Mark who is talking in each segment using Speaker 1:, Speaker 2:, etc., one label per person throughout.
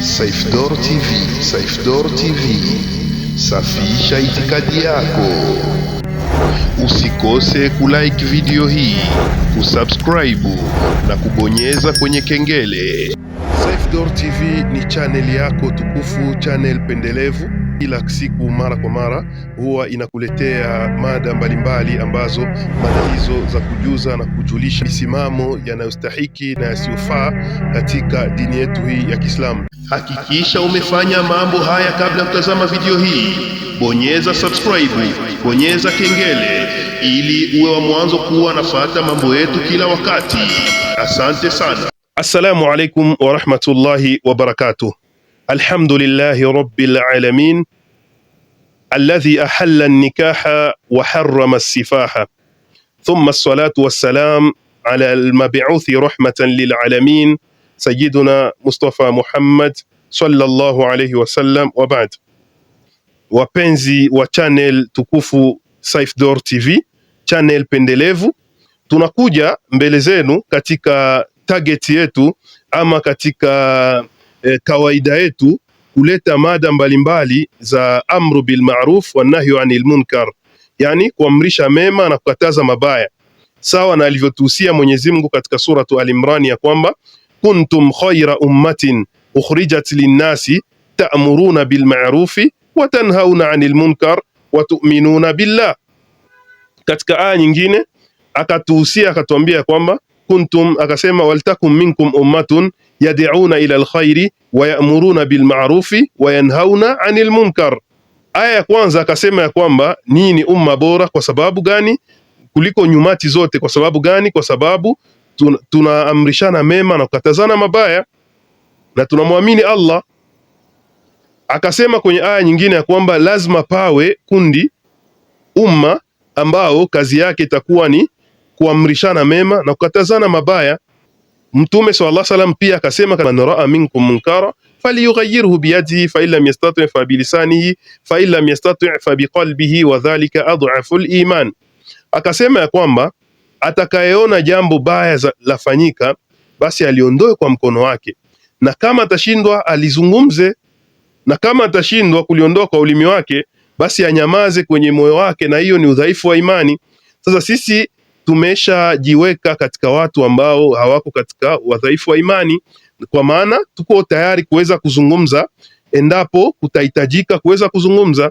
Speaker 1: Door TV, Door TV, safisha itikadi yako. Usikose kulike video hii, kusubscribe na kubonyeza kwenye kengele. Door TV ni channel yako tukufu, channel pendelevu kila siku mara kwa mara huwa inakuletea mada mbalimbali ambazo mada hizo za kujuza na kujulisha misimamo yanayostahiki na yasiyofaa katika dini yetu hii ya Kiislamu. Hakikisha umefanya mambo haya kabla ya kutazama video hii. Bonyeza subscribe, bonyeza kengele ili uwe wa mwanzo kuwa nafata mambo yetu kila wakati. Asante sana. Assalamu alaikum wa barakatuh. الحمد لله رب العالمين الذي احل النكاح وحرم السفاح ثم الصلاه والسلام على المبعوث رحمه للعالمين سيدنا مصطفى محمد صلى الله عليه وسلم وبعد wapenzi wa channel tukufu Saif d'Or TV channel pendelevu tunakuja mbele zenu katika target yetu ama katika e, kawaida yetu kuleta mada mbalimbali za amru bil ma'ruf wa nahyu anil munkar, yani kuamrisha mema na kukataza mabaya, sawa na alivyotuhusia Mwenyezi Mungu katika suratu Al-Imran ya kwamba kuntum khaira ummatin ukhrijat linnasi ta'muruna bil ma'rufi wa tanhauna anil munkar wa tu'minuna billah. Katika aya nyingine akatuhusia akatuambia kwamba kuntum, akasema waltakum minkum ummatun yad'una ila alkhairi wa ya'muruna ma'rufi wa yanhauna 'anil munkar. Aya ya kwanza akasema ya kwamba ninyi ni umma bora. Kwa sababu gani? kuliko nyumati zote. Kwa sababu gani? Kwa sababu tunaamrishana tuna mema na kukatazana mabaya na tunamwamini Allah. Akasema kwenye aya nyingine ya kwamba lazima pawe kundi umma ambao kazi yake itakuwa ni kuamrishana mema na kukatazana mabaya. Mtume sallallahu alaihi wasallam pia akasema, man raa minkum munkara falyughayyirhu biyadihi fa illam yastati' fabilisanihi fa illam yastati' fabiqalbihi wa dhalika adhafu liman, akasema ya kwamba atakayeona jambo baya lafanyika basi aliondoe kwa mkono wake, na kama atashindwa alizungumze, na kama atashindwa kuliondoa kwa ulimi wake basi anyamaze kwenye moyo wake, na hiyo ni udhaifu wa imani. Sasa sisi tumeshajiweka katika watu ambao hawako katika wadhaifu wa imani, kwa maana tuko tayari kuweza kuzungumza endapo kutahitajika kuweza kuzungumza.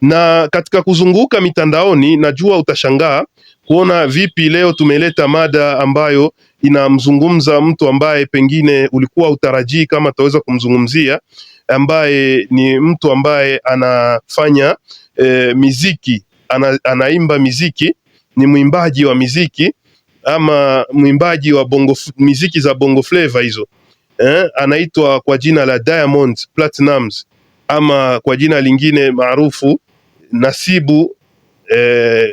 Speaker 1: Na katika kuzunguka mitandaoni, najua utashangaa kuona vipi leo tumeleta mada ambayo inamzungumza mtu ambaye pengine ulikuwa utarajii kama ataweza kumzungumzia, ambaye ni mtu ambaye anafanya e, miziki ana, anaimba miziki ni mwimbaji wa miziki ama mwimbaji wa bongo, miziki za bongo flavor hizo eh, anaitwa kwa jina la Diamond Platnumz ama kwa jina lingine maarufu Nasibu eh,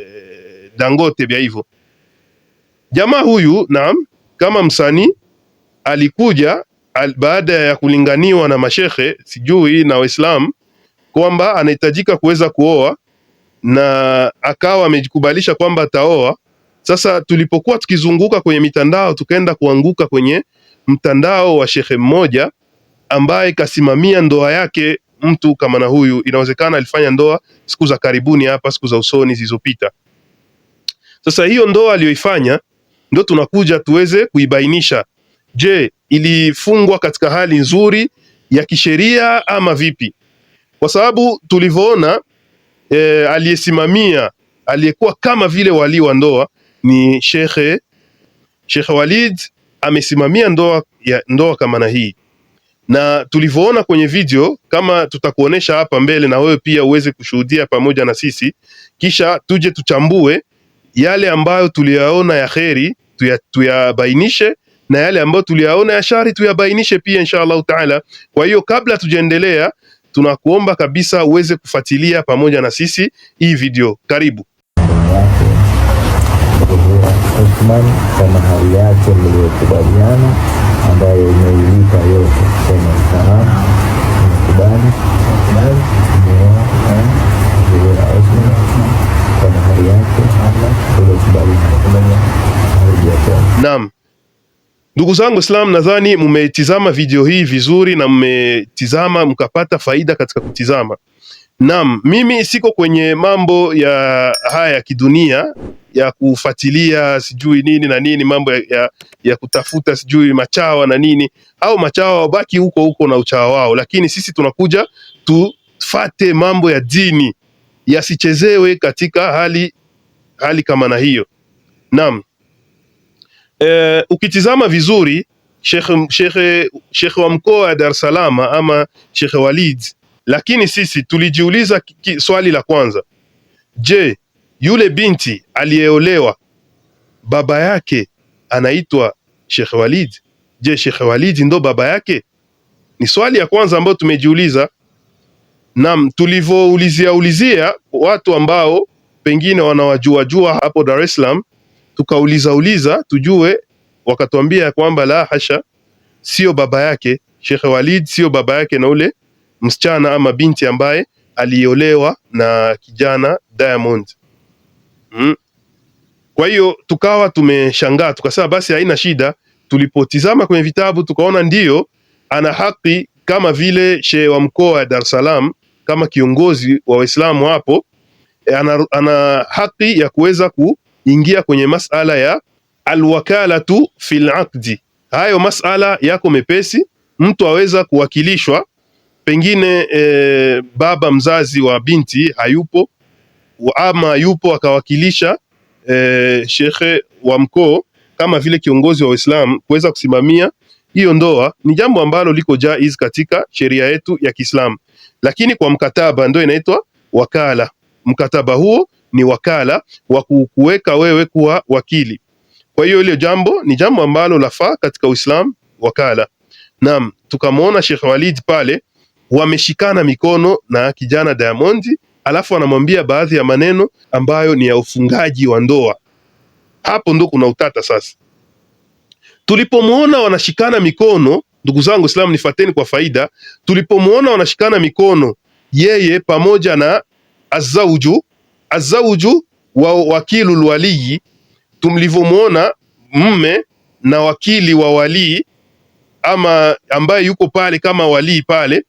Speaker 1: Dangote vya hivyo. Jamaa huyu naam, kama msanii alikuja al, baada ya kulinganiwa na mashekhe sijui na Waislamu kwamba anahitajika kuweza kuoa na akawa amejikubalisha kwamba ataoa. Sasa tulipokuwa tukizunguka kwenye mitandao, tukaenda kuanguka kwenye mtandao wa shekhe mmoja ambaye kasimamia ndoa yake mtu kama na huyu. Inawezekana alifanya ndoa siku za karibuni hapa, siku za usoni zilizopita. Sasa hiyo ndoa aliyoifanya ndio tunakuja tuweze kuibainisha. Je, ilifungwa katika hali nzuri ya kisheria ama vipi? Kwa sababu tulivyoona e, aliyesimamia aliyekuwa kama vile wali wa ndoa ni shekhe Shekhe Walid amesimamia ndoa ya ndoa kama na hii, na tulivyoona kwenye video kama tutakuonesha hapa mbele, na wewe pia uweze kushuhudia pamoja na sisi, kisha tuje tuchambue yale ambayo tuliyaona ya kheri tuyabainishe, tuya na yale ambayo tuliyaona ya shari tuyabainishe pia insha Allahu taala. Kwa hiyo kabla tujaendelea tunakuomba kabisa uweze kufuatilia pamoja na sisi hii video. Karibu Othman kwa mahali yake mliyokubaliana, ambayo imeilipa yote kama msamaha mkubali kwa mahali yake mliyokubaliana. Naam. Ndugu zangu Islam, nadhani mmetizama video hii vizuri na mmetizama mkapata faida katika kutizama. Naam, mimi siko kwenye mambo ya haya ya kidunia ya kufuatilia sijui nini na nini, mambo ya, ya, ya kutafuta sijui machawa na nini, au machawa wabaki huko huko na uchawa wao, lakini sisi tunakuja tufate mambo ya dini yasichezewe katika hali hali kama na hiyo. Naam e, ukitizama vizuri shekhe, shekhe, shekhe wa mkoa wa Dar es Salaam ama shekhe Walid, lakini sisi tulijiuliza swali la kwanza, je, yule binti aliyeolewa baba yake anaitwa Shekhe Walid? Je, Shekhe Walid ndo baba yake? Ni swali ya kwanza ambayo tumejiuliza. Naam, tulivyoulizia ulizia watu ambao pengine wanawajuajua hapo Dar es Salaam tukauliza uliza tujue, wakatuambia ya kwamba la hasha, sio baba yake Sheikh Walid, sio baba yake na ule msichana ama binti ambaye aliolewa na kijana Diamond mm. Kwa hiyo tukawa tumeshangaa, tukasema basi haina shida. Tulipotizama kwenye vitabu tukaona ndiyo ana haki kama vile shehe wa mkoa wa Dar es Salaam kama kiongozi wa Waislamu hapo eh, ana, ana haki ya kuweza ku ingia kwenye masala ya alwakalatu fil aqdi. Hayo masala yako mepesi, mtu aweza kuwakilishwa pengine e, baba mzazi wa binti hayupo ama yupo akawakilisha e, shekhe wa mkoo kama vile kiongozi wa Uislamu kuweza kusimamia hiyo ndoa ni jambo ambalo liko jaiz katika sheria yetu ya Kiislamu, lakini kwa mkataba ndio inaitwa wakala. Mkataba huo ni wakala wa kuweka wewe kuwa wakili. Kwa hiyo ile jambo ni jambo ambalo lafaa katika Uislamu, wakala. Naam, tukamwona Sheikh Walid pale wameshikana mikono na kijana Diamond, alafu anamwambia baadhi ya maneno ambayo ni ya ufungaji wa ndoa. Hapo ndo kuna utata sasa. Tulipomwona wanashikana mikono, ndugu zangu Islam, nifateni kwa faida. Tulipomwona wanashikana mikono yeye pamoja na azauju azauju wa wakilu lwalii, tumlivyomwona mme na wakili wa walii ama ambaye yuko pale kama walii pale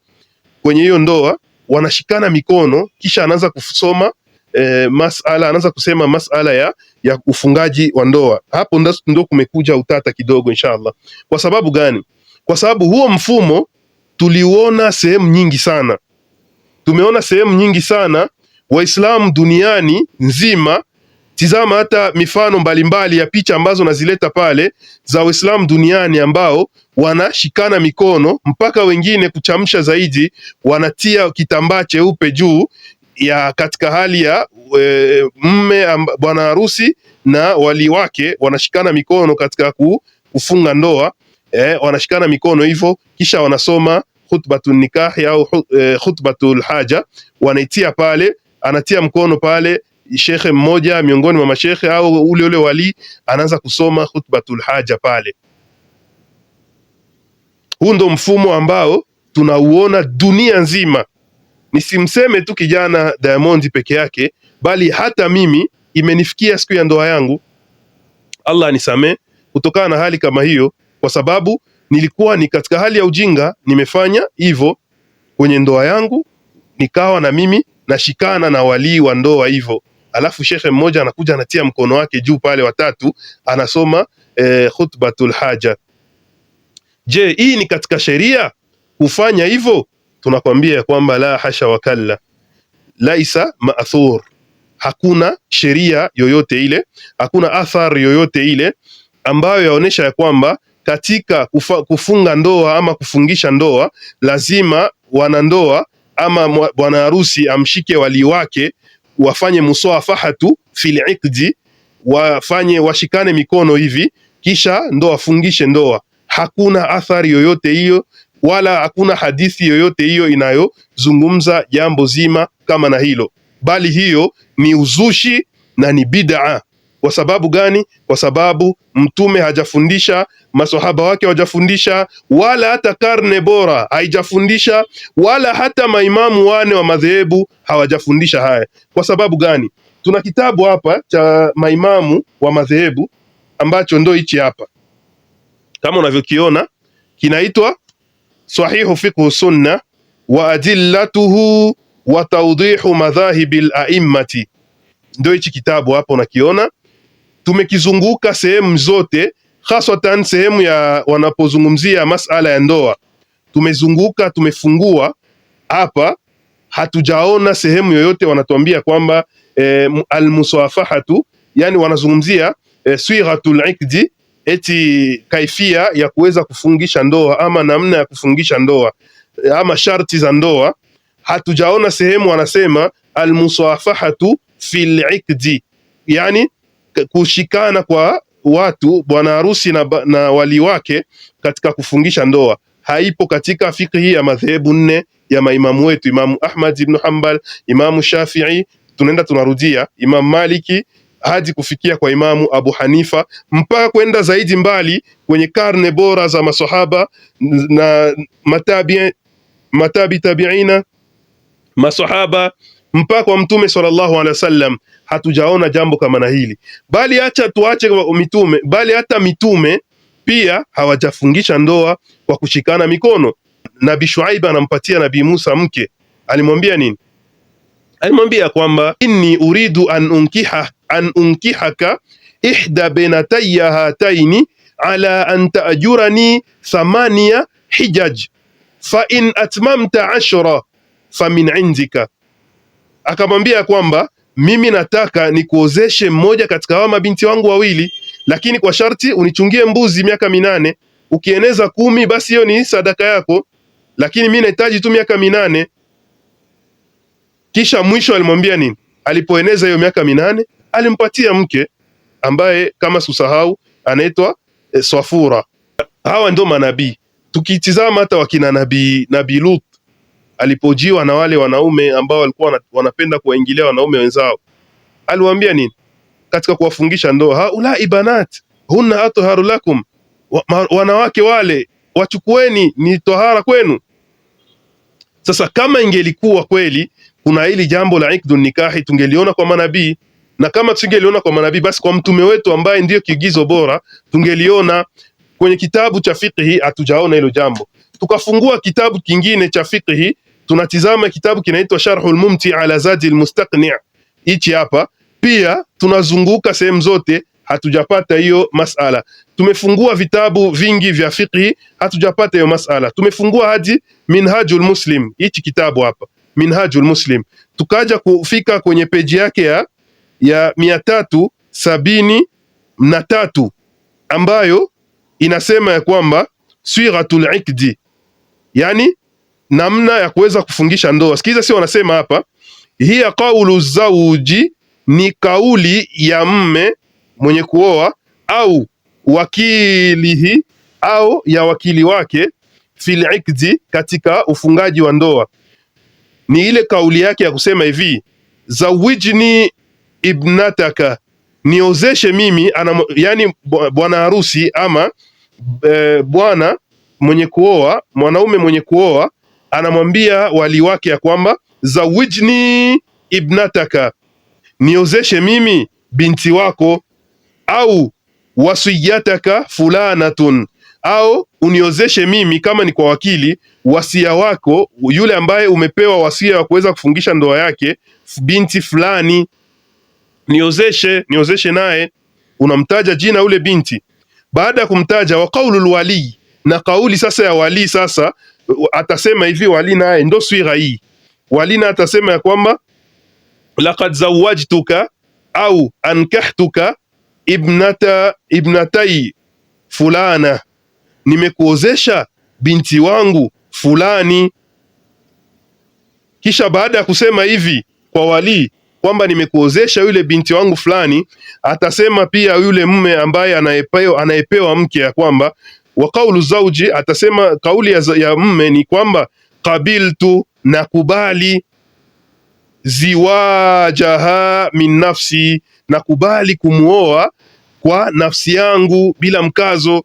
Speaker 1: kwenye hiyo ndoa, wanashikana mikono, kisha anaanza kusoma e, masala anaanza kusema masala ya, ya ufungaji wa ndoa. Hapo ndio kumekuja utata kidogo, inshallah. Kwa sababu gani? Kwa sababu huo mfumo tuliuona sehemu nyingi sana, tumeona sehemu nyingi sana Waislamu duniani nzima. Tizama hata mifano mbalimbali ya picha ambazo nazileta pale za Waislamu duniani ambao wanashikana mikono mpaka wengine kuchamsha zaidi, wanatia kitambaa cheupe juu ya katika hali ya e, mme bwana harusi na wali wake wanashikana mikono katika kufunga ndoa e, wanashikana mikono hivyo, kisha wanasoma khutbatun nikah au e, khutbatul haja wanaitia pale anatia mkono pale shekhe mmoja miongoni mwa mashekhe au ule ule wali anaanza kusoma khutbatul haja pale. Huu ndo mfumo ambao tunauona dunia nzima, nisimseme tu kijana Diamond peke yake, bali hata mimi imenifikia siku ya ndoa yangu. Allah anisamee kutokana na hali kama hiyo, kwa sababu nilikuwa ni katika hali ya ujinga, nimefanya hivyo kwenye ndoa yangu, nikawa na mimi nashikana na walii wa ndoa hivyo. Alafu shekhe mmoja anakuja anatia mkono wake juu pale, watatu anasoma eh, khutbatul haja. Je, hii ni katika sheria kufanya hivyo? Tunakwambia ya kwamba la hasha wakalla, laisa maathur, hakuna sheria yoyote ile, hakuna athar yoyote ile ambayo yaonesha ya kwamba katika kufa, kufunga ndoa ama kufungisha ndoa lazima wanandoa ama bwana harusi amshike wali wake, wafanye muswafahatu fil iqdi, wafanye washikane mikono hivi, kisha ndo afungishe ndoa. Hakuna athari yoyote hiyo wala hakuna hadithi yoyote hiyo inayozungumza jambo zima kama na hilo, bali hiyo ni uzushi na ni bid'a. Kwa sababu gani? Kwa sababu mtume hajafundisha, masahaba wake hawajafundisha, wala hata karne bora haijafundisha, wala hata maimamu wane wa madhehebu hawajafundisha haya. Kwa sababu gani? Tuna kitabu hapa cha maimamu wa madhehebu ambacho ndio hichi hapa, kama unavyokiona kinaitwa Sahihu Fiqhu Sunna wa adillatuhu wa tawdihu madhahibil aimmati Ndio hichi kitabu hapa unakiona tumekizunguka sehemu zote, haswatan sehemu ya wanapozungumzia masala ya ndoa. Tumezunguka, tumefungua hapa, hatujaona sehemu yoyote wanatuambia kwamba e, almusafahatu, yani wanazungumzia e, eh, swighatul ikdi eti kaifia ya kuweza kufungisha ndoa ama namna ya kufungisha ndoa eh, ama sharti za ndoa. Hatujaona sehemu wanasema almusafahatu fil ikdi, yani kushikana kwa watu bwana harusi na, na wali wake katika kufungisha ndoa haipo katika fikhi ya madhehebu nne ya maimamu wetu Imamu Ahmad ibn Hanbal, Imamu Shafi'i, tunaenda tunarudia Imamu Maliki hadi kufikia kwa Imamu Abu Hanifa mpaka kwenda zaidi mbali kwenye karne bora za masahaba na matabi matabi tabiina masahaba mpaka wa Mtume sallallahu alaihi wasallam hatujaona jambo kama na hili, bali acha tuache mitume, bali hata mitume pia hawajafungisha ndoa kwa kushikana mikono. nabi Shuaib anampatia nabi Musa mke, alimwambia nini? Alimwambia kwamba inni uridu an unkiha an unkihaka ihda binataya hataini ala an taajurani thamania hijaj fa in atmamta ashra fa min indika akamwambia kwamba mimi nataka nikuozeshe mmoja katika hawa mabinti wangu wawili, lakini kwa sharti unichungie mbuzi miaka minane. Ukieneza kumi, basi hiyo ni sadaka yako, lakini mimi nahitaji tu miaka minane. Kisha mwisho alimwambia nini? Alipoeneza hiyo miaka minane, alimpatia mke ambaye kama susahau anaitwa e, Swafura. Hawa ndio manabii. Tukitizama hata wakina nabii nabii Lut alipojiwa na wale wanaume ambao walikuwa wanapenda kuwaingilia wanaume wenzao, aliwaambia nini katika kuwafungisha ndoa? Haulai banat hunna atharu lakum, wa, wanawake wale wachukueni ni tohara kwenu. Sasa kama ingelikuwa kweli kuna hili jambo la ikdu nikahi, tungeliona kwa manabii na kama tusingeliona kwa manabii, basi kwa mtume wetu ambaye ndiyo kiigizo bora tungeliona. Kwenye kitabu cha fiqhi hatujaona hilo jambo, tukafungua kitabu kingine cha fiqhi tunatizama kitabu kinaitwa Sharhul Mumti ala Zadi Almustaqni hichi hapa pia tunazunguka sehemu zote hatujapata hiyo masala. Tumefungua vitabu vingi vya fiqhi hatujapata hiyo masala. Tumefungua hadi Minhajul Muslim, hichi kitabu hapa Minhajul Muslim, tukaja kufika kwenye peji yake ya ya mia tatu sabini na tatu ambayo inasema ya kwamba siratul ikdi, yani namna ya kuweza kufungisha ndoa. Sikiza, si wanasema hapa, hiya qaulu zauji, ni kauli ya mme mwenye kuoa, au wakilihi, au ya wakili wake, fil ikdi, katika ufungaji wa ndoa. Ni ile kauli yake ya kusema hivi, zawijni ibnataka, niozeshe mimi ana, yani bwana harusi ama e, bwana mwenye kuoa, mwanaume mwenye kuoa anamwambia wali wake ya kwamba zawijni ibnataka, niozeshe mimi binti wako, au wasiyataka fulanatun, au uniozeshe mimi kama ni kwa wakili, wasia wako yule ambaye umepewa wasia wa kuweza kufungisha ndoa yake, binti fulani niozeshe, niozeshe naye. Unamtaja jina ule binti. Baada ya kumtaja wa qaulul wali, na kauli sasa ya wali sasa atasema hivi walina naye ndo swira hii. Walina atasema ya kwamba laqad zawajtuka au ankahtuka ibnata ibnatai fulana, nimekuozesha binti wangu fulani. Kisha baada ya kusema hivi kwa wali kwamba nimekuozesha yule binti wangu fulani, atasema pia yule mume ambaye anayepewa anayepewa mke ya kwamba wa qaulu zauji, atasema kauli ya, ya mme ni kwamba qabiltu, nakubali ziwajaha min nafsi, nakubali kumwoa kwa nafsi yangu bila mkazo.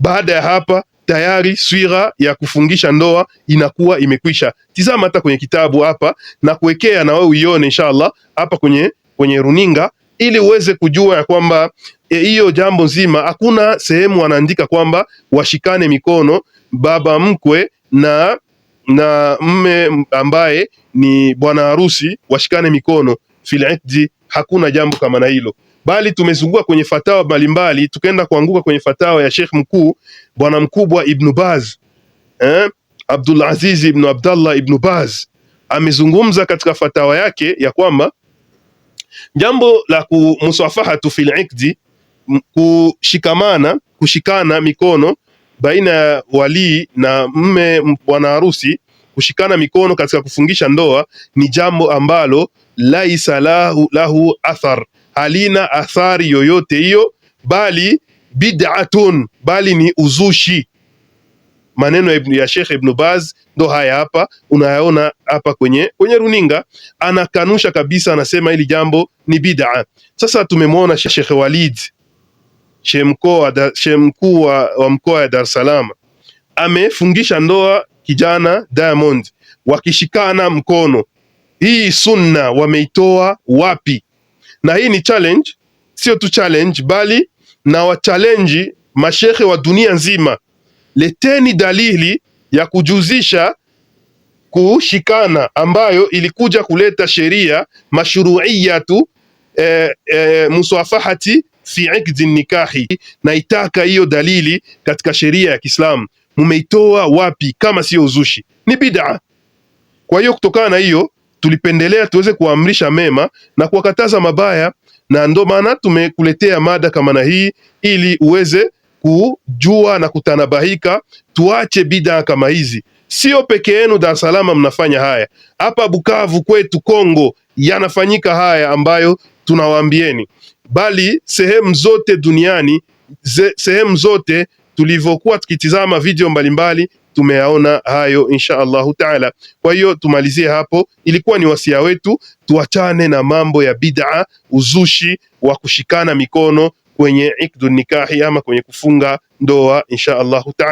Speaker 1: Baada ya hapa tayari swira ya kufungisha ndoa inakuwa imekwisha. Tizama hata kwenye kitabu hapa na kuwekea na wewe uione, inshallah hapa kwenye, kwenye runinga ili uweze kujua ya kwamba e, hiyo e, jambo nzima hakuna sehemu wanaandika kwamba washikane mikono baba mkwe na na mme ambaye ni bwana harusi washikane mikono fil iqdi. Hakuna jambo kama na hilo, bali tumezunguka kwenye fatawa mbalimbali, tukaenda kuanguka kwenye fatawa ya Sheikh mkuu bwana mkubwa Ibn Baz eh, Abdul Aziz ibn Abdallah ibn Baz amezungumza katika fatawa yake ya kwamba Jambo la tu fil ikdi, kushikamana kushikana mikono baina ya walii na mme bwana harusi, kushikana mikono katika kufungisha ndoa ni jambo ambalo laisa lahu, lahu athar, halina athari yoyote hiyo, bali bid'atun, bali ni uzushi maneno ya, Sheikh Ibn Baz ndo haya hapa unayaona hapa kwenye kwenye runinga, anakanusha kabisa, anasema hili jambo ni bid'a. Sasa tumemwona Sheikh Walid, Sheikh mkuu wa mkoa ya Dar es Salaam, amefungisha ndoa kijana Diamond wakishikana mkono. Hii sunna wameitoa wapi? Na hii ni challenge, sio tu challenge bali na wachallenge mashehe wa dunia nzima leteni dalili ya kujuzisha kushikana ambayo ilikuja kuleta sheria mashruiyatu e, e, musafahati fi ikdi nikahi. Naitaka hiyo dalili katika sheria ya Kiislamu. Mumeitoa wapi kama sio uzushi? Ni bid'a. Kwa hiyo kutokana na hiyo tulipendelea tuweze kuamrisha mema na kuwakataza mabaya, na ndio maana tumekuletea mada kama na hii ili uweze kujua na kutanabahika, tuache bidaa kama hizi. Sio peke yenu Dar es Salaam mnafanya haya, hapa Bukavu kwetu Kongo yanafanyika haya ambayo tunawaambieni, bali sehemu zote duniani sehemu zote tulivyokuwa tukitizama video mbalimbali tumeyaona hayo, insha Allahu taala. Kwa hiyo tumalizie hapo, ilikuwa ni wasia wetu, tuachane na mambo ya bid'a, uzushi wa kushikana mikono kwenye ikdu nikahi ama kwenye kufunga ndoa insha Allahu taala.